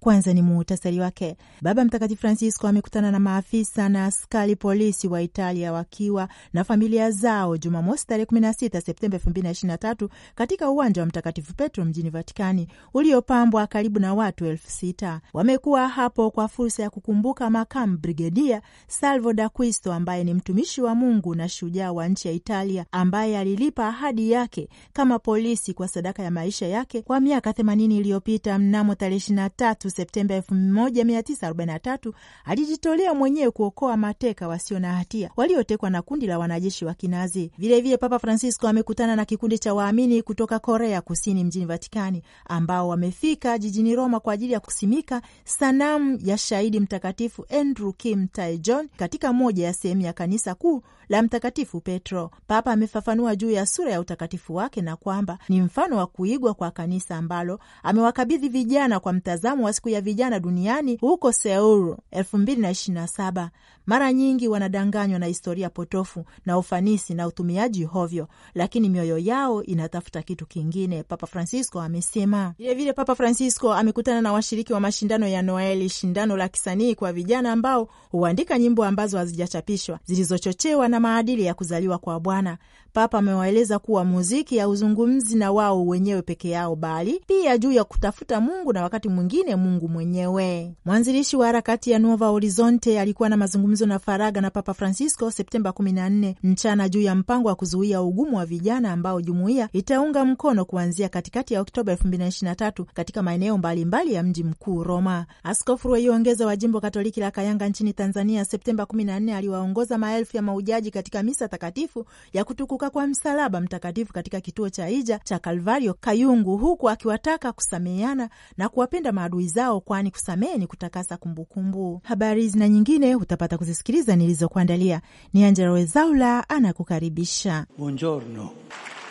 kwanza ni muhutasari wake. Baba Mtakatifu Francisco amekutana na maafisa na askari polisi wa Italia wakiwa na familia zao Jumamosi tarehe 16 Septemba 2023 katika uwanja wa Mtakatifu Petro mjini Vatikani uliopambwa karibu na watu elfu sita. Wamekuwa hapo kwa fursa ya kukumbuka makamu brigedia Salvo D'Acquisto ambaye ni mtumishi wa Mungu na shujaa wa nchi ya Italia ambaye alilipa ahadi yake kama polisi kwa sadaka ya maisha yake kwa miaka 80 iliyopita mnamo tarehe 23 3 Septemba 1943 alijitolea mwenyewe kuokoa mateka wasio na hatia waliotekwa na kundi la wanajeshi wa Kinazi. Vilevile Papa Francisco amekutana na kikundi cha waamini kutoka Korea Kusini mjini Vatikani, ambao wamefika jijini Roma kwa ajili ya kusimika sanamu ya shahidi mtakatifu Andrew Kim Taejon Jon katika moja ya sehemu ya kanisa kuu la Mtakatifu Petro. Papa amefafanua juu ya sura ya utakatifu wake na kwamba ni mfano wa kuigwa kwa kanisa ambalo amewakabidhi vijana kwa mtazamo wa siku ya vijana duniani huko Seul 2027. Mara nyingi wanadanganywa na historia potofu na ufanisi na utumiaji hovyo, lakini mioyo yao inatafuta kitu kingine, Papa Francisco amesema. Vilevile Papa Francisco amekutana na washiriki wa mashindano ya Noeli, shindano la kisanii kwa vijana ambao huandika nyimbo ambazo hazijachapishwa zilizochochewa na na maadili ya kuzaliwa kwa Bwana. Papa amewaeleza kuwa muziki hauzungumzi na wao wenyewe peke yao, bali pia juu ya kutafuta Mungu na wakati mwingine Mungu mwenyewe. Mwanzilishi wa harakati ya Nuova Horizonte alikuwa na mazungumzo na faraga na Papa Francisco Septemba 14 mchana juu ya mpango wa kuzuia ugumu wa vijana ambao jumuiya itaunga mkono kuanzia katikati ya Oktoba 2023 katika maeneo mbalimbali ya mji mkuu Roma. Askofu Rweiongeza wa jimbo Katoliki la Kayanga nchini Tanzania Septemba 14 aliwaongoza maelfu ya maujaji maji katika misa takatifu ya kutukuka kwa msalaba mtakatifu katika kituo cha hija cha Kalvario Kayungu, huku akiwataka kusameheana na kuwapenda maadui zao, kwani kusamehe ni kutakasa kumbukumbu. Habari zina na nyingine utapata kuzisikiliza nilizokuandalia. Ni Angela Wezaula anakukaribisha. Buongiorno,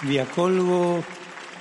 vi accolgo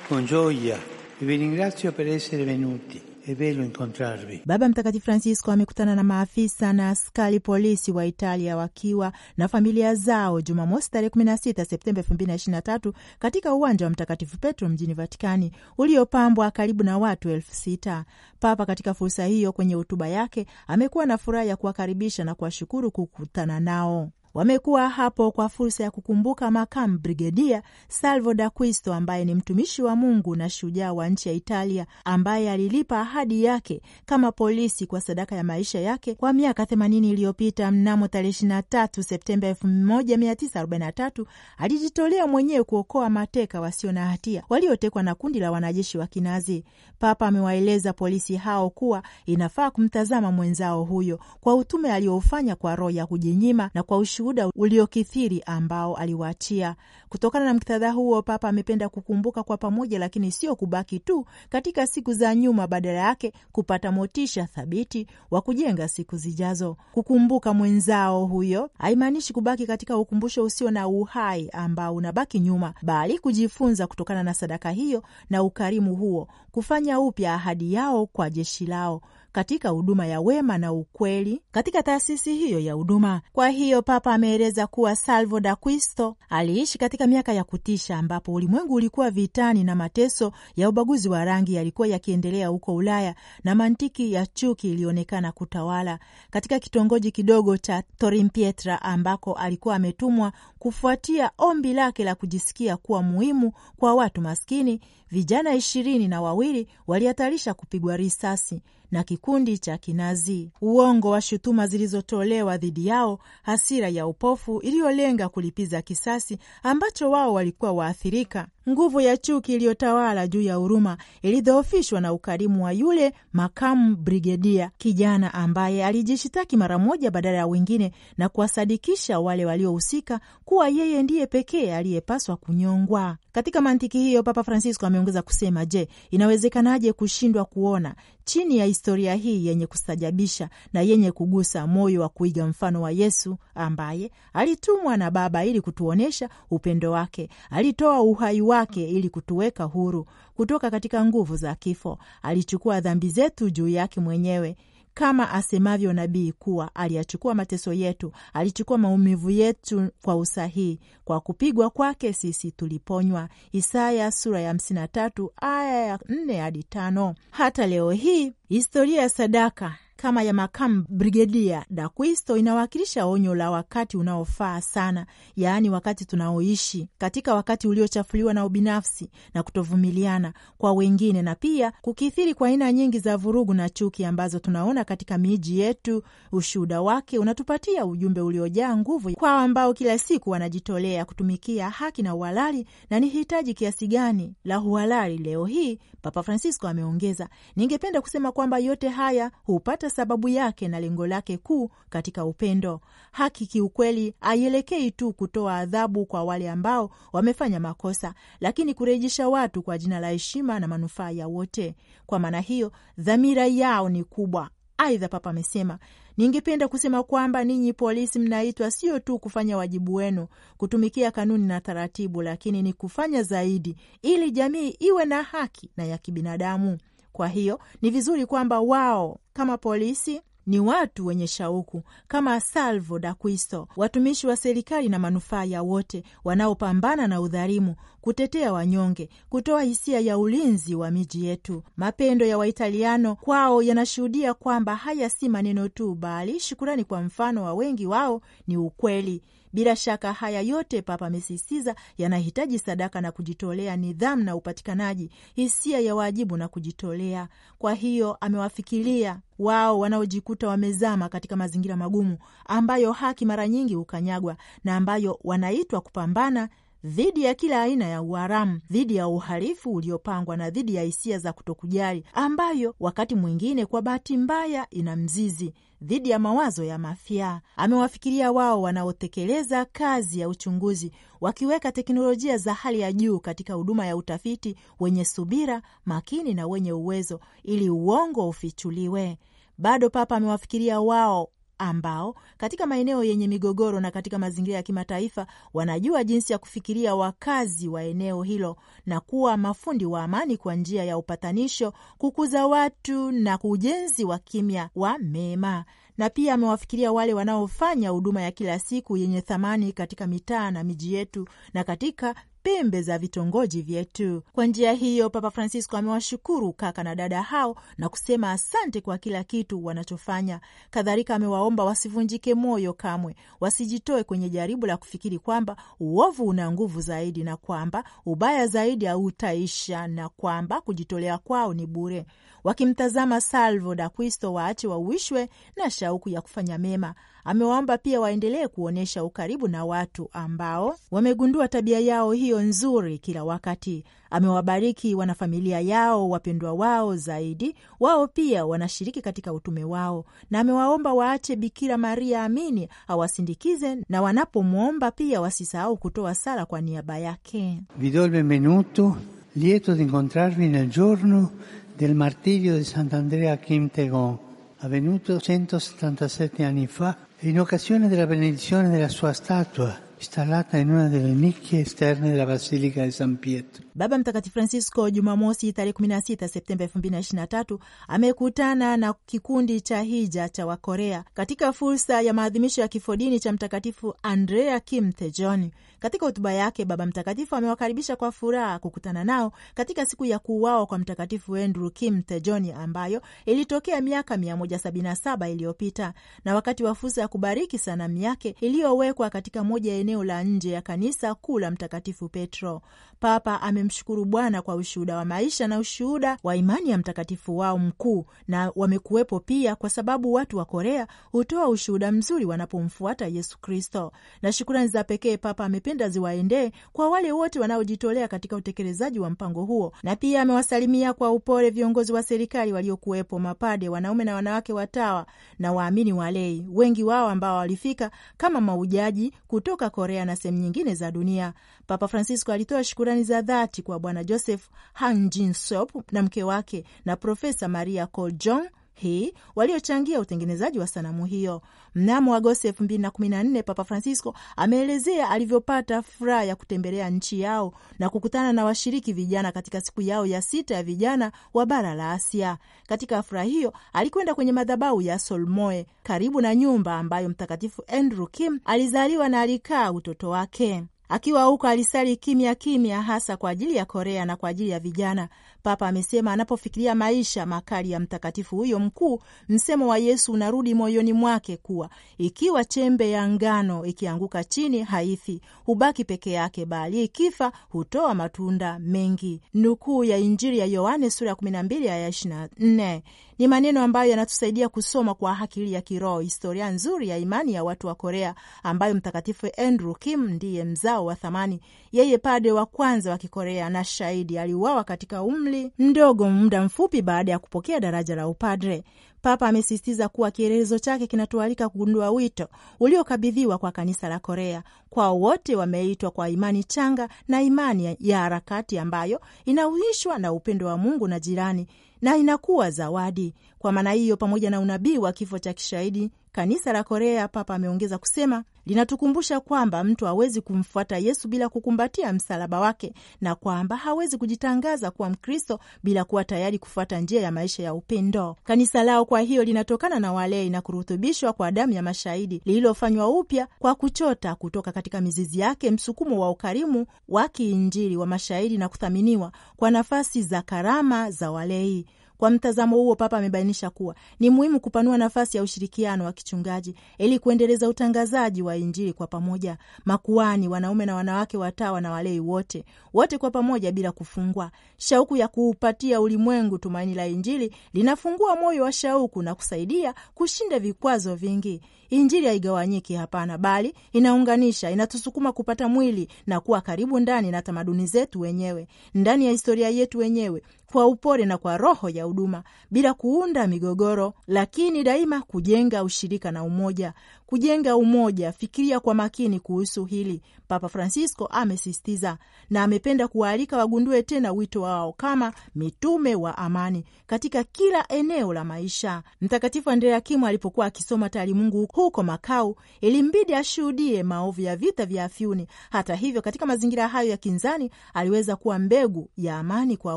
con gioia vi ringrazio per essere venuti e incontrarvi. Baba Mtakatifu Francisco amekutana na maafisa na askari polisi wa Italia wakiwa na familia zao Jumamosi tarehe 16 Septemba 2023 katika uwanja wa Mtakatifu Petro mjini Vatikani uliopambwa karibu na watu elfu sita. Papa katika fursa hiyo kwenye hotuba yake amekuwa na furaha ya kuwakaribisha na kuwashukuru kukutana nao. Wamekuwa hapo kwa fursa ya kukumbuka makamu brigedia Salvo D'Acquisto ambaye ni mtumishi wa Mungu na shujaa wa nchi ya Italia ambaye alilipa ahadi yake kama polisi kwa sadaka ya maisha yake kwa miaka 80 iliyopita. Mnamo tarehe 23 Septemba 1943 alijitolea mwenyewe kuokoa mateka wasio na hatia waliotekwa na kundi la wanajeshi wa Kinazi. Papa amewaeleza polisi hao kuwa inafaa kumtazama mwenzao huyo kwa utume alioufanya kwa roho ya kujinyima na kwa ushu ushuhuda uliokithiri ambao aliwatia Kutokana na muktadha huo, Papa amependa kukumbuka kwa pamoja, lakini sio kubaki tu katika siku za nyuma, badala yake kupata motisha thabiti wa kujenga siku zijazo. Kukumbuka mwenzao huyo haimaanishi kubaki katika ukumbusho usio na uhai ambao unabaki nyuma, bali kujifunza kutokana na sadaka hiyo na ukarimu huo, kufanya upya ahadi yao kwa jeshi lao katika huduma ya wema na ukweli katika taasisi hiyo ya huduma. Kwa hiyo Papa ameeleza kuwa Salvo da Quisto aliishi katika miaka ya kutisha, ambapo ulimwengu ulikuwa vitani na mateso ya ubaguzi wa rangi yalikuwa yakiendelea huko Ulaya na mantiki ya chuki ilionekana kutawala katika kitongoji kidogo cha torimpietra ambako alikuwa ametumwa kufuatia ombi lake la kujisikia kuwa muhimu kwa watu maskini vijana ishirini na wawili walihatarisha kupigwa risasi na kikundi cha Kinazi. Uongo wa shutuma zilizotolewa dhidi yao, hasira ya upofu iliyolenga kulipiza kisasi ambacho wao walikuwa waathirika. Nguvu ya chuki iliyotawala juu ya huruma ilidhoofishwa na ukarimu wa yule makamu brigedia kijana, ambaye alijishitaki mara moja badala ya wengine na kuwasadikisha wale waliohusika kuwa yeye ndiye pekee aliyepaswa kunyongwa. Katika mantiki hiyo, Papa Francisco ameongeza kusema, je, inawezekanaje kushindwa kuona chini ya historia hii yenye kustajabisha na yenye kugusa moyo wa kuiga mfano wa Yesu ambaye alitumwa na Baba ili kutuonyesha upendo wake, alitoa uhai wake ili kutuweka huru kutoka katika nguvu za kifo, alichukua dhambi zetu juu yake mwenyewe kama asemavyo nabii kuwa aliyachukua mateso yetu, alichukua maumivu yetu kwa usahihi, kwa kupigwa kwake sisi tuliponywa. Isaya sura ya 53 aya ya 4 hadi 5. Hata leo hii historia ya sadaka kama ya makamu brigedia Daquisto inawakilisha onyo la wakati unaofaa sana, yaani wakati tunaoishi katika wakati uliochafuliwa na ubinafsi na kutovumiliana kwa wengine, na pia kukithiri kwa aina nyingi za vurugu na chuki ambazo tunaona katika miji yetu. Ushuhuda wake unatupatia ujumbe uliojaa nguvu kwa ambao kila siku wanajitolea kutumikia haki na uhalali, na ni hitaji kiasi gani la uhalali leo hii Papa Francisco ameongeza, ningependa kusema kwamba yote haya hupata sababu yake na lengo lake kuu katika upendo. Haki kiukweli haielekei tu kutoa adhabu kwa wale ambao wamefanya makosa, lakini kurejesha watu kwa jina la heshima na manufaa ya wote. Kwa maana hiyo, dhamira yao ni kubwa Aidha, Papa amesema ningependa kusema kwamba ninyi polisi mnaitwa sio tu kufanya wajibu wenu, kutumikia kanuni na taratibu, lakini ni kufanya zaidi, ili jamii iwe na haki na ya kibinadamu. Kwa hiyo ni vizuri kwamba wao kama polisi ni watu wenye shauku kama Salvo D'Acquisto, watumishi wa serikali na manufaa ya wote, wanaopambana na udhalimu, kutetea wanyonge, kutoa hisia ya ulinzi wa miji yetu. Mapendo ya Waitaliano kwao yanashuhudia kwamba haya si maneno tu, bali shukurani kwa mfano wa wengi wao ni ukweli bila shaka haya yote, Papa amesisitiza, yanahitaji sadaka na kujitolea, nidhamu na upatikanaji, hisia ya wajibu na kujitolea. Kwa hiyo amewafikiria wao wanaojikuta wamezama katika mazingira magumu ambayo haki mara nyingi hukanyagwa na ambayo wanaitwa kupambana dhidi ya kila aina ya uharamu, dhidi ya uhalifu uliopangwa na dhidi ya hisia za kutokujali ambayo wakati mwingine kwa bahati mbaya ina mzizi dhidi ya mawazo ya mafia. Amewafikiria wao wanaotekeleza kazi ya uchunguzi, wakiweka teknolojia za hali ya juu katika huduma ya utafiti wenye subira, makini na wenye uwezo, ili uongo ufichuliwe. Bado Papa amewafikiria wao ambao katika maeneo yenye migogoro na katika mazingira ya kimataifa wanajua jinsi ya kufikiria wakazi wa eneo hilo na kuwa mafundi wa amani kwa njia ya upatanisho, kukuza watu na ujenzi wa kimya wa mema. Na pia amewafikiria wale wanaofanya huduma ya kila siku yenye thamani katika mitaa na miji yetu na katika pembe za vitongoji vyetu. Kwa njia hiyo, Papa Francisco amewashukuru kaka na dada hao na kusema asante kwa kila kitu wanachofanya. Kadhalika amewaomba wasivunjike moyo kamwe, wasijitoe kwenye jaribu la kufikiri kwamba uovu una nguvu zaidi na kwamba ubaya zaidi hautaisha na kwamba kujitolea kwao ni bure wakimtazama Salvo da Dakwisto waache wauishwe na shauku ya kufanya mema. Amewaomba pia waendelee kuonyesha ukaribu na watu ambao wamegundua tabia yao hiyo nzuri kila wakati. Amewabariki wanafamilia yao, wapendwa wao zaidi, wao pia wanashiriki katika utume wao, na amewaomba waache Bikira Maria amini awasindikize, na wanapomwomba pia wasisahau kutoa sala kwa niaba yake. Vi do il benvenuto lieto di incontrarvi nel giorno del martirio di Sant'Andrea Kim Tegon, avvenuto 177 anni fa, in occasione della benedizione della sua statua installata in una delle nicchie esterne della basilica di San Pietro. Baba Mtakatifu Francisco Jumamosi tarehe 16 Septemba 2023 amekutana na kikundi cha hija cha Wakorea katika fursa ya maadhimisho ya kifodini cha Mtakatifu Andrea Kim Thejoni. Katika hotuba yake, Baba Mtakatifu amewakaribisha kwa furaha kukutana nao katika siku ya kuuawa kwa Mtakatifu Andrew Kim Thejoni ambayo ilitokea miaka 177 iliyopita, na wakati wa fursa ya kubariki sanamu yake iliyowekwa katika moja eneo la nje ya kanisa kuu la Mtakatifu Petro. Papa amemshukuru Bwana kwa ushuhuda wa maisha na ushuhuda wa imani ya mtakatifu wao mkuu, na wamekuwepo pia kwa sababu watu wa Korea hutoa ushuhuda mzuri wanapomfuata Yesu Kristo. Na shukurani za pekee Papa amependa ziwaendee kwa wale wote wanaojitolea katika utekelezaji wa mpango huo, na pia amewasalimia kwa upole viongozi wa serikali waliokuwepo, mapade, wanaume na wanawake, watawa na waamini walei, wengi wao ambao walifika kama maujaji kutoka Korea na sehemu nyingine za dunia. Papa Francisco alitoa shukurani za dhati kwa Bwana Joseph Hanjin Sop na mke wake na Profesa Maria Coljong hii waliochangia utengenezaji wa sanamu hiyo. Mnamo Agosti nne Papa Francisco ameelezea alivyopata furaha ya kutembelea nchi yao na kukutana na washiriki vijana katika siku yao ya sita ya vijana wa bara la Asia. Katika furaha hiyo alikwenda kwenye madhabahu ya Solmoe karibu na nyumba ambayo Mtakatifu Andrew Kim alizaliwa na alikaa utoto wake. Akiwa huko alisali kimya kimya, hasa kwa ajili ya Korea na kwa ajili ya vijana. Papa amesema anapofikiria maisha makali ya mtakatifu huyo mkuu, msemo wa Yesu unarudi moyoni mwake kuwa ikiwa chembe ya ngano ikianguka chini haifi, hubaki peke yake, bali ikifa hutoa matunda mengi. Nukuu ya Injili ya Yohane sura ya 12 aya 24. Ni maneno ambayo yanatusaidia kusoma kwa akili ya kiroho historia nzuri ya imani ya watu wa Korea ambayo Mtakatifu Andrew Kim ndiye mzao wa thamani, yeye pade wa kwanza wa Kikorea na shahidi, aliuawa katika umri mdogo muda mfupi baada ya kupokea daraja la upadre. Papa amesisitiza kuwa kielelezo chake kinatualika kugundua wito uliokabidhiwa kwa kanisa la Korea kwa wote wameitwa kwa imani changa na imani ya harakati ambayo inauishwa na upendo wa Mungu na jirani na inakuwa zawadi. Kwa maana hiyo, pamoja na unabii wa kifo cha kishahidi kanisa la Korea, Papa ameongeza kusema linatukumbusha kwamba mtu hawezi kumfuata Yesu bila kukumbatia msalaba wake na kwamba hawezi kujitangaza kuwa Mkristo bila kuwa tayari kufuata njia ya maisha ya upendo. Kanisa lao kwa hiyo linatokana na walei na kuruthubishwa kwa damu ya mashahidi, lililofanywa upya kwa kuchota kutoka katika mizizi yake msukumo wa ukarimu wa kiinjili wa mashahidi na kuthaminiwa kwa nafasi za karama za walei. Kwa mtazamo huo, Papa amebainisha kuwa ni muhimu kupanua nafasi ya ushirikiano wa kichungaji ili kuendeleza utangazaji wa Injili kwa pamoja: makuani, wanaume na wanawake, watawa na walei, wote wote kwa pamoja bila kufungwa. Shauku ya kuupatia ulimwengu tumaini la Injili linafungua moyo wa shauku na kusaidia kushinda vikwazo vingi Injili haigawanyiki, hapana, bali inaunganisha, inatusukuma kupata mwili na kuwa karibu ndani na tamaduni zetu wenyewe, ndani ya historia yetu wenyewe, kwa upole na kwa roho ya huduma, bila kuunda migogoro, lakini daima kujenga ushirika na umoja. Kujenga umoja, fikiria kwa makini kuhusu hili, Papa Francisco amesisitiza, na amependa kuwaalika wagundue tena wito wao kama mitume wa amani katika kila eneo la maisha. Mtakatifu Andrea Kimu alipokuwa akisoma taalimungu huko Makau, ilimbidi ashuhudie maovu ya vita vya Afyuni. Hata hivyo, katika mazingira hayo ya kinzani, aliweza kuwa mbegu ya amani kwa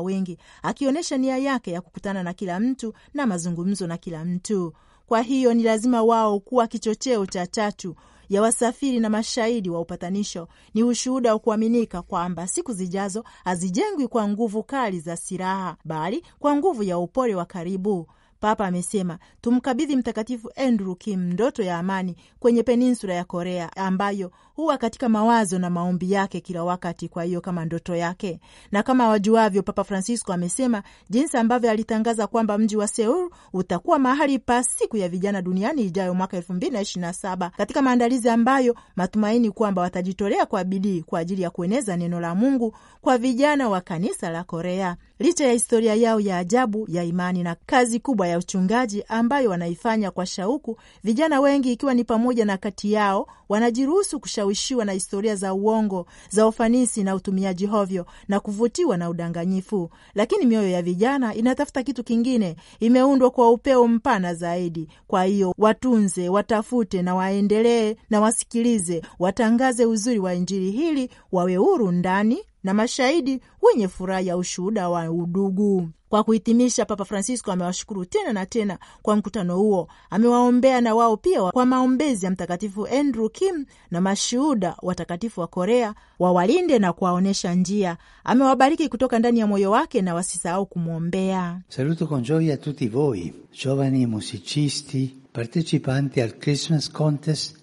wengi, akionyesha nia yake ya kukutana na kila mtu na mazungumzo na kila mtu. Kwa hiyo ni lazima wao kuwa kichocheo cha tatu ya wasafiri na mashahidi wa upatanisho. Ni ushuhuda wa kuaminika kwamba siku zijazo hazijengwi kwa nguvu kali za silaha, bali kwa nguvu ya upole wa karibu. Papa amesema tumkabidhi Mtakatifu Andrew Kim ndoto ya amani kwenye peninsula ya Korea ambayo huwa katika mawazo na maombi yake kila wakati, kwa hiyo kama ndoto yake. Na kama wajuavyo, Papa Francisco amesema jinsi ambavyo alitangaza kwamba mji wa Seul utakuwa mahali pa siku ya vijana duniani ijayo mwaka elfu mbili na ishirini na saba katika maandalizi ambayo matumaini kwamba watajitolea kwa bidii kwa ajili ya kueneza neno la Mungu kwa vijana wa kanisa la Korea licha ya historia yao ya ajabu ya imani na kazi kubwa ya uchungaji ambayo wanaifanya kwa shauku. Vijana wengi, ikiwa ni pamoja na kati yao, wanajiruhusu kushawishiwa na historia za uongo, za ufanisi na utumiaji hovyo na kuvutiwa na udanganyifu, lakini mioyo ya vijana inatafuta kitu kingine, imeundwa kwa upeo mpana zaidi. Kwa hiyo watunze, watafute na waendelee na wasikilize, watangaze uzuri wa Injili hili, wawe huru ndani na mashahidi wenye furaha ya ushuhuda wa udugu. Kwa kuhitimisha, Papa Francisco amewashukuru tena na tena kwa mkutano huo. Amewaombea na wao pia kwa maombezi ya Mtakatifu Andrew Kim na mashuhuda watakatifu wa Korea, wawalinde na kuwaonyesha njia. Amewabariki kutoka ndani ya moyo wake na wasisahau kumwombea. Saluto con gioia tutti voi giovani musicisti partecipanti al Christmas contest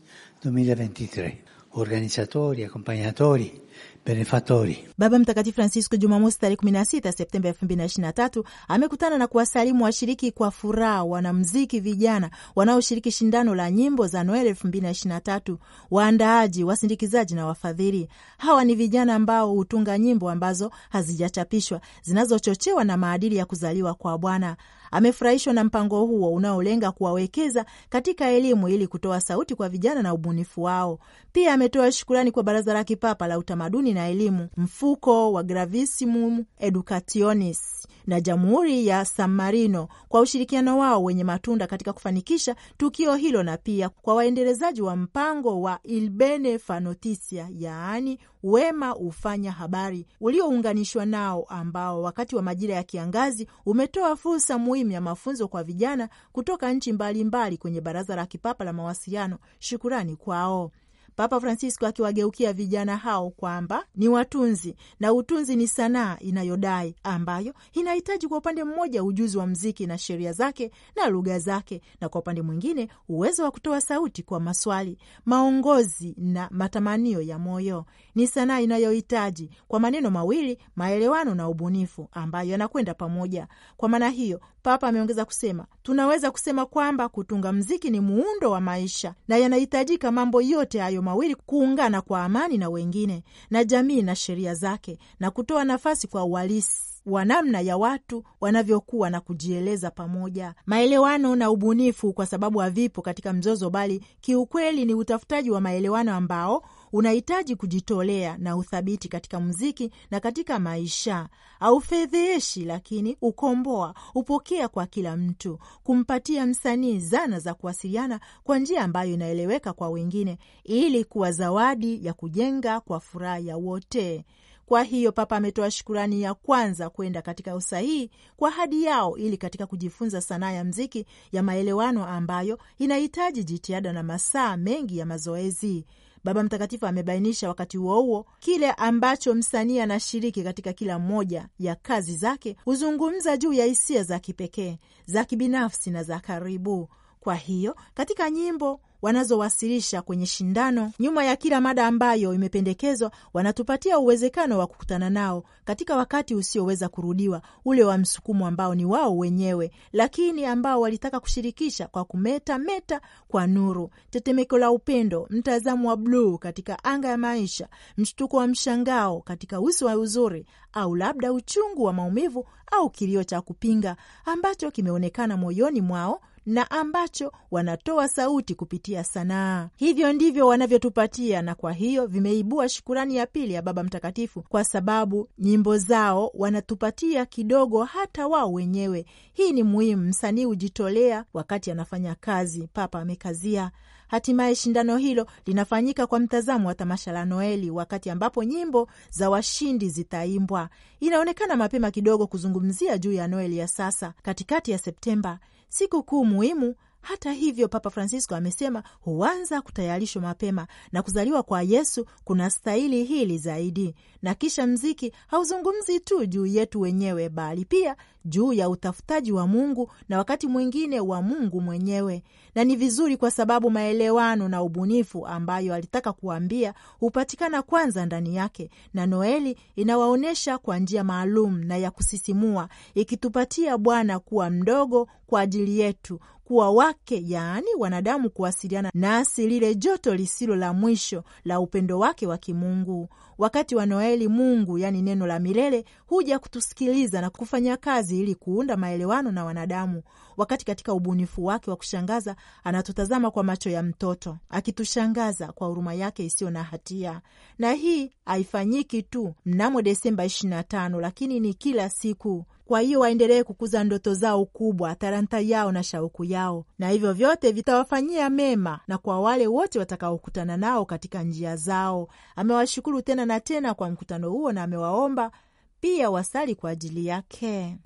2023 organizzatori accompagnatori Benefatori. Baba Mtakatifu Francisco Jumamosi tarehe 16 Septemba 2023 amekutana na kuwasalimu washiriki kwa furaha, wanamziki vijana wanaoshiriki shindano la nyimbo za Noel 2023, waandaaji, wasindikizaji na wafadhili. Hawa ni vijana ambao hutunga nyimbo ambazo hazijachapishwa zinazochochewa na maadili ya kuzaliwa kwa Bwana. Amefurahishwa na mpango huo unaolenga kuwawekeza katika elimu ili kutoa sauti kwa vijana na ubunifu wao. Pia ametoa shukurani kwa Baraza la Kipapa la Utamaduni na Elimu, mfuko wa Gravissimum Educationis na Jamhuri ya San Marino kwa ushirikiano wao wenye matunda katika kufanikisha tukio hilo na pia kwa waendelezaji wa mpango wa Il Bene Fa Notizia, yaani wema hufanya habari, uliounganishwa nao ambao wakati wa majira ya kiangazi umetoa fursa muhimu ya mafunzo kwa vijana kutoka nchi mbalimbali mbali kwenye Baraza la Kipapa la Mawasiliano. Shukurani kwao. Papa Francisco akiwageukia vijana hao kwamba ni watunzi na utunzi ni sanaa inayodai ambayo inahitaji kwa upande mmoja ujuzi wa mziki na sheria zake na lugha zake, na kwa upande mwingine uwezo wa kutoa sauti kwa maswali, maongozi na matamanio ya moyo. Ni sanaa inayohitaji kwa maneno mawili, maelewano na ubunifu, ambayo yanakwenda pamoja. Kwa maana hiyo, Papa ameongeza kusema, tunaweza kusema kwamba kutunga mziki ni muundo wa maisha na yanahitajika mambo yote hayo mawili kuungana kwa amani na wengine na jamii na sheria zake na kutoa nafasi kwa uhalisi wa namna ya watu wanavyokuwa na kujieleza pamoja, maelewano na ubunifu, kwa sababu havipo katika mzozo, bali kiukweli ni utafutaji wa maelewano ambao unahitaji kujitolea na uthabiti katika muziki na katika maisha. Aufedheeshi lakini ukomboa, upokea kwa kila mtu, kumpatia msanii zana za kuwasiliana kwa njia ambayo inaeleweka kwa wengine, ili kuwa zawadi ya kujenga kwa furaha ya wote. Kwa hiyo Papa ametoa shukurani ya kwanza kwenda katika usahihi kwa hadi yao ili katika kujifunza sanaa ya mziki ya maelewano ambayo inahitaji jitihada na masaa mengi ya mazoezi. Baba Mtakatifu amebainisha wakati huo huo kile ambacho msanii anashiriki katika kila moja ya kazi zake, huzungumza juu ya hisia za kipekee za kibinafsi na za karibu. Kwa hiyo katika nyimbo wanazowasilisha kwenye shindano. Nyuma ya kila mada ambayo imependekezwa, wanatupatia uwezekano wa kukutana nao katika wakati usioweza kurudiwa, ule wa msukumo ambao ni wao wenyewe, lakini ambao walitaka kushirikisha kwa kumetameta kwa nuru, tetemeko la upendo, mtazamo wa bluu katika anga ya maisha, mshtuko wa mshangao katika uso wa uzuri, au labda uchungu wa maumivu au kilio cha kupinga ambacho kimeonekana moyoni mwao na ambacho wanatoa sauti kupitia sanaa. Hivyo ndivyo wanavyotupatia, na kwa hiyo vimeibua shukurani ya pili ya Baba Mtakatifu kwa sababu nyimbo zao wanatupatia kidogo hata wao wenyewe. Hii ni muhimu, msanii hujitolea wakati anafanya kazi, Papa amekazia Hatimaye shindano hilo linafanyika kwa mtazamo wa tamasha la Noeli, wakati ambapo nyimbo za washindi zitaimbwa. Inaonekana mapema kidogo kuzungumzia juu ya Noeli ya sasa, katikati ya Septemba, siku kuu muhimu hata hivyo, Papa Francisco amesema huanza kutayarishwa mapema na kuzaliwa kwa Yesu kuna stahili hili zaidi. Na kisha mziki hauzungumzi tu juu yetu wenyewe, bali pia juu ya utafutaji wa Mungu na wakati mwingine wa Mungu mwenyewe. Na ni vizuri kwa sababu maelewano na ubunifu ambayo alitaka kuambia hupatikana kwanza ndani yake, na Noeli inawaonyesha kwa njia maalum na ya kusisimua, ikitupatia Bwana kuwa mdogo kwa ajili yetu kuwa wake, yaani wanadamu kuwasiliana nasi lile joto lisilo la mwisho la upendo wake wa kimungu. Wakati wa Noeli, Mungu yaani neno la milele huja kutusikiliza na kufanya kazi ili kuunda maelewano na wanadamu wakati katika ubunifu wake wa kushangaza anatutazama kwa macho ya mtoto, akitushangaza kwa huruma yake isiyo na hatia. Na hii haifanyiki tu mnamo Desemba 25, lakini ni kila siku. Kwa hiyo waendelee kukuza ndoto zao kubwa, talanta yao na shauku yao, na hivyo vyote vitawafanyia mema na kwa wale wote watakaokutana nao katika njia zao. Amewashukuru tena na tena kwa mkutano huo na amewaomba pia wasali kwa ajili yake.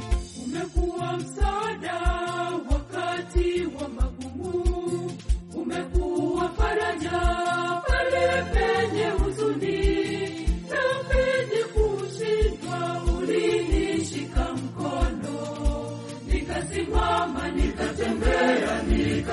Umekuwa msa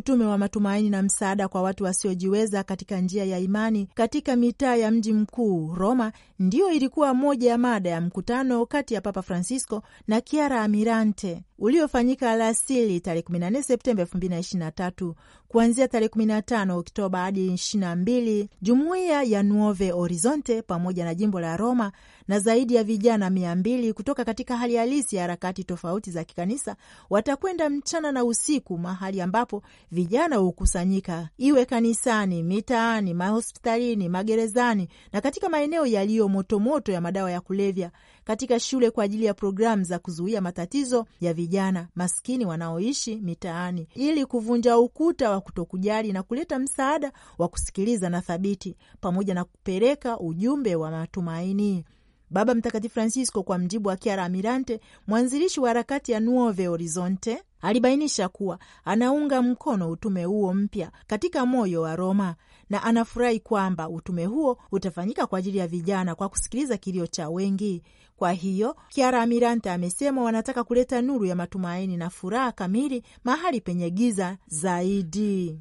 utume wa matumaini na msaada kwa watu wasiojiweza katika njia ya imani katika mitaa ya mji mkuu Roma ndiyo ilikuwa moja ya mada ya mkutano kati ya Papa Francisco na kiara Amirante uliofanyika alasiri tarehe 14 Septemba 2023 kuanzia tarehe 15 Oktoba hadi 22, jumuiya ya Nuove Horizonte pamoja na jimbo la Roma na zaidi ya vijana mia mbili kutoka katika hali halisi ya harakati tofauti za kikanisa watakwenda mchana na usiku mahali ambapo vijana hukusanyika, iwe kanisani, mitaani, mahospitalini, magerezani na katika maeneo yaliyo motomoto ya madawa ya kulevya katika shule kwa ajili ya programu za kuzuia matatizo ya vijana maskini wanaoishi mitaani ili kuvunja ukuta wa kutokujali na kuleta msaada wa kusikiliza na thabiti pamoja na kupeleka ujumbe wa matumaini. Baba Mtakatifu Francisco, kwa mjibu wa kiara Amirante, mwanzilishi wa harakati ya Nuove horizonte alibainisha kuwa anaunga mkono utume huo mpya katika moyo wa Roma na anafurahi kwamba utume huo utafanyika kwa ajili ya vijana kwa kusikiliza kilio cha wengi. Kwa hiyo Kiara Amirante amesema wanataka kuleta nuru ya matumaini na furaha kamili mahali penye giza zaidi.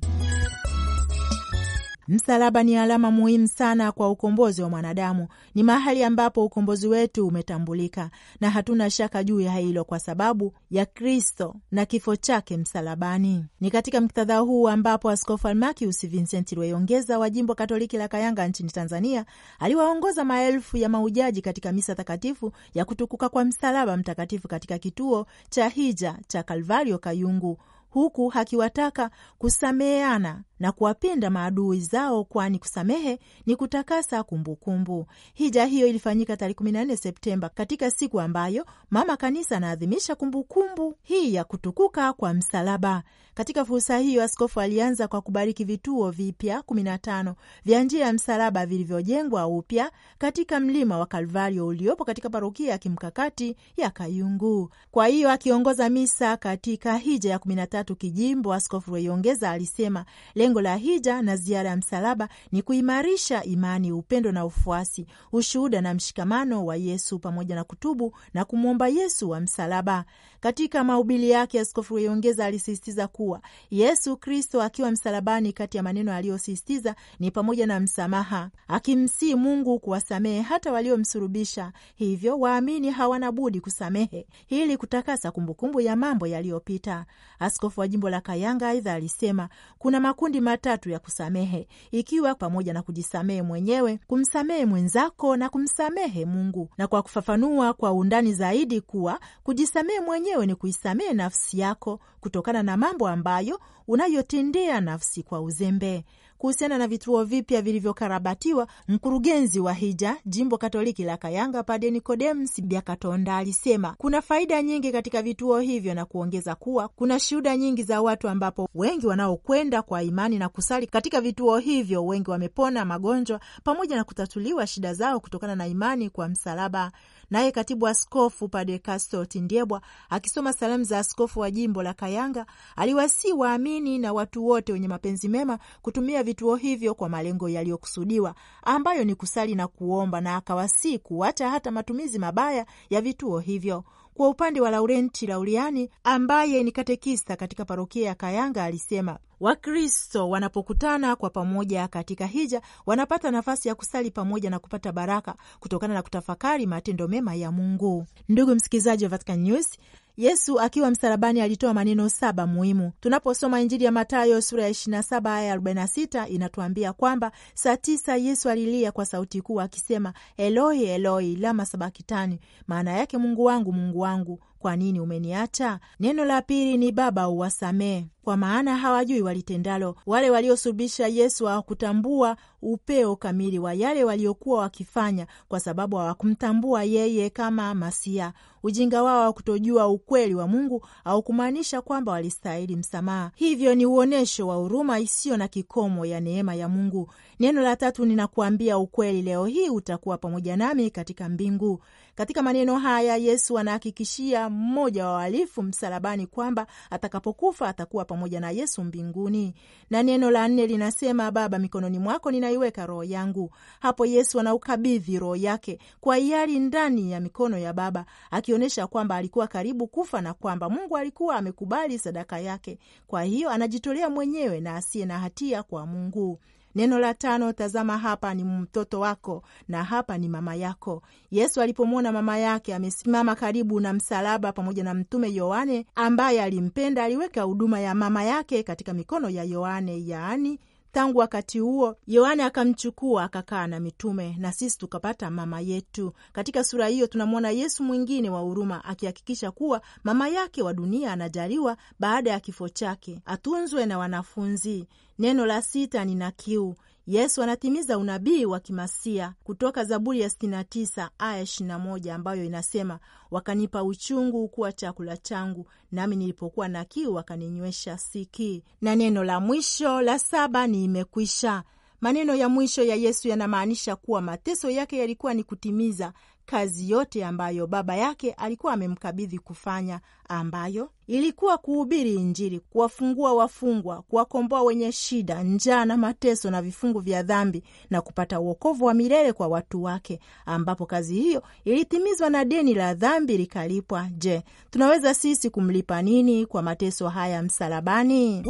Msalaba ni alama muhimu sana kwa ukombozi wa mwanadamu. Ni mahali ambapo ukombozi wetu umetambulika, na hatuna shaka juu ya hilo kwa sababu ya Kristo na kifo chake msalabani. Ni katika muktadha huu ambapo Askofu Almachius Vincent Rweyongeza wa jimbo Katoliki la Kayanga nchini Tanzania aliwaongoza maelfu ya maujaji katika misa takatifu ya kutukuka kwa msalaba mtakatifu katika kituo cha hija cha Kalvario Kayungu huku akiwataka kusameheana na kuwapenda maadui zao, kwani kusamehe ni kutakasa kumbukumbu. Hija hiyo ilifanyika tarehe 14 Septemba, katika siku ambayo mama kanisa anaadhimisha kumbukumbu hii ya kutukuka kwa msalaba. Katika fursa hiyo, askofu alianza kwa kubariki vituo vipya 15 vya njia ya msalaba vilivyojengwa upya katika mlima wa Kalvario uliopo katika parokia ya kimkakati ya Kayungu. Kwa hiyo akiongoza misa katika hija ya tatu kijimbo, Askofu Rweiongeza alisema lengo la hija na ziara ya msalaba ni kuimarisha imani, upendo na ufuasi, ushuhuda na mshikamano wa Yesu, pamoja na kutubu na kumwomba Yesu wa msalaba. Katika mahubiri yake, Askofu Rweiongeza alisisitiza kuwa Yesu Kristo akiwa msalabani, kati ya maneno aliyosisitiza ni pamoja na msamaha, akimsii Mungu kuwasamehe hata waliomsurubisha. Hivyo waamini hawana budi kusamehe ili kutakasa kumbukumbu ya mambo yaliyopita. Askofu Askofu wa jimbo la Kayanga aidha alisema kuna makundi matatu ya kusamehe, ikiwa pamoja na kujisamehe mwenyewe, kumsamehe mwenzako na kumsamehe Mungu, na kwa kufafanua kwa undani zaidi kuwa kujisamehe mwenyewe ni kuisamehe nafsi yako kutokana na mambo ambayo unayotendea nafsi kwa uzembe kuhusiana na vituo vipya vilivyokarabatiwa, mkurugenzi wa hija jimbo Katoliki la Kayanga Pade Nikodemus Byakatonda alisema kuna faida nyingi katika vituo hivyo na kuongeza kuwa kuna shuhuda nyingi za watu ambapo wengi wanaokwenda kwa imani na kusali katika vituo hivyo, wengi wamepona magonjwa pamoja na kutatuliwa shida zao kutokana na imani kwa msalaba naye katibu askofu Padre Castro Tindiebwa akisoma salamu za askofu wa jimbo la Kayanga aliwasii waamini na watu wote wenye mapenzi mema kutumia vituo hivyo kwa malengo yaliyokusudiwa ambayo ni kusali na kuomba, na akawasii kuacha hata matumizi mabaya ya vituo hivyo. Kwa upande wa Laurenti Lauliani ambaye ni katekista katika parokia ya Kayanga alisema Wakristo wanapokutana kwa pamoja katika hija wanapata nafasi ya kusali pamoja na kupata baraka kutokana na kutafakari matendo mema ya Mungu. Ndugu msikilizaji wa Vatican News, Yesu akiwa msalabani alitoa maneno saba muhimu. Tunaposoma Injili ya Mathayo sura ya 27 aya 46 inatuambia kwamba saa tisa Yesu alilia kwa sauti kuu akisema, Eloi Eloi lama sabakitani, maana yake Mungu wangu Mungu wangu kwa nini umeniacha? Neno la pili ni Baba, uwasamee kwa maana hawajui walitendalo. Wale waliosulubisha Yesu hawakutambua upeo kamili wa yale waliokuwa wakifanya, kwa sababu hawakumtambua yeye kama Masia. Ujinga wao wa kutojua ukweli wa Mungu haukumaanisha kwamba walistahili msamaha. Hivyo ni uonesho wa huruma isiyo na kikomo ya neema ya Mungu. Neno la tatu, ninakuambia ukweli, leo hii utakuwa pamoja nami katika mbingu. Katika maneno haya Yesu anahakikishia mmoja wa wahalifu msalabani kwamba atakapokufa atakuwa pamoja na Yesu mbinguni. Na neno la nne linasema, Baba, mikononi mwako ninaiweka roho yangu. Hapo Yesu anaukabidhi roho yake kwa hiari ndani ya mikono ya Baba, akionyesha kwamba alikuwa karibu kufa na kwamba Mungu alikuwa amekubali sadaka yake. Kwa hiyo anajitolea mwenyewe na asiye na hatia kwa Mungu. Neno la tano, tazama hapa ni mtoto wako na hapa ni mama yako. Yesu alipomwona mama yake amesimama karibu na msalaba pamoja na mtume Yohane ambaye alimpenda, aliweka huduma ya mama yake katika mikono ya Yohane, yaani tangu wakati huo Yohane akamchukua akakaa na mitume, na sisi tukapata mama yetu. Katika sura hiyo tunamwona Yesu mwingine wa huruma akihakikisha kuwa mama yake wa dunia anajaliwa baada ya kifo chake atunzwe na wanafunzi. Neno la sita ni na kiu. Yesu anatimiza unabii wa kimasia kutoka Zaburi ya 69 aya 21, ambayo inasema, wakanipa uchungu kuwa chakula changu, nami nilipokuwa na kiu wakaninywesha siki. Na neno la mwisho la saba ni imekwisha. Maneno ya mwisho ya Yesu yanamaanisha kuwa mateso yake yalikuwa ni kutimiza kazi yote ambayo baba yake alikuwa amemkabidhi kufanya, ambayo ilikuwa kuhubiri Injili, kuwafungua wafungwa, kuwakomboa wenye shida, njaa na mateso na vifungu vya dhambi, na kupata uokovu wa milele kwa watu wake, ambapo kazi hiyo ilitimizwa na deni la dhambi likalipwa. Je, tunaweza sisi kumlipa nini kwa mateso haya msalabani?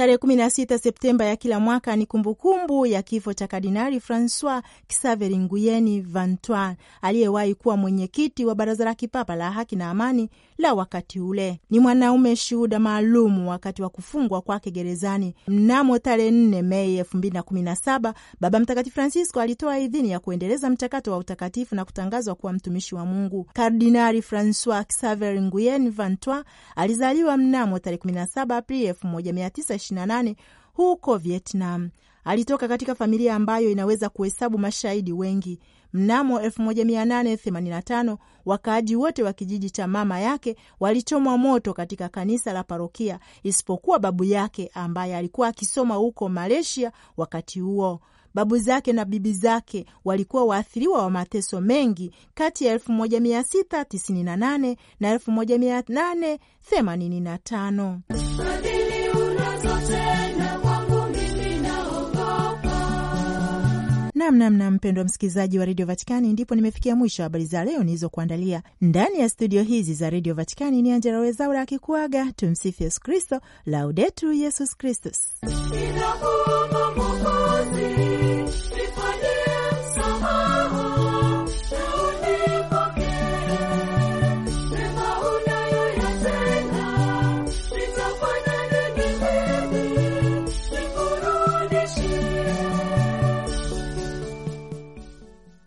Tarehe 16 Septemba ya kila mwaka ni kumbukumbu kumbu ya kifo cha Kardinali Francois Xavier Nguyeni Vantuan, aliyewahi kuwa mwenyekiti wa Baraza la Kipapa la Haki na Amani la wakati ule. Ni mwanaume shuhuda maalum wakati wa kufungwa kwake gerezani mnamo tarehe 4 Mei 2017. Baba Mtakatifu Francisco alitoa idhini ya kuendeleza mchakato wa utakatifu na kutangazwa kuwa mtumishi wa Mungu. Kardinali Francois Xavier Nguyeni Vantuan alizaliwa mnamo tarehe 17 Aprili 19 28 huko Vietnam. Alitoka katika familia ambayo inaweza kuhesabu mashahidi wengi. Mnamo 1885 wakaaji wote wa kijiji cha mama yake walichomwa moto katika kanisa la parokia, isipokuwa babu yake ambaye alikuwa akisoma huko Malaysia wakati huo. Babu zake na bibi zake walikuwa waathiriwa wa mateso mengi kati ya 1698 na 1885. Namnamna mpendwa msikilizaji wa redio Vatikani, ndipo nimefikia mwisho habari za leo nilizokuandalia ndani ya studio hizi za redio Vatikani. Ni Anjera Wezaura akikuaga. Tumsifu Yesu Kristo, laudetur Yesus Kristus.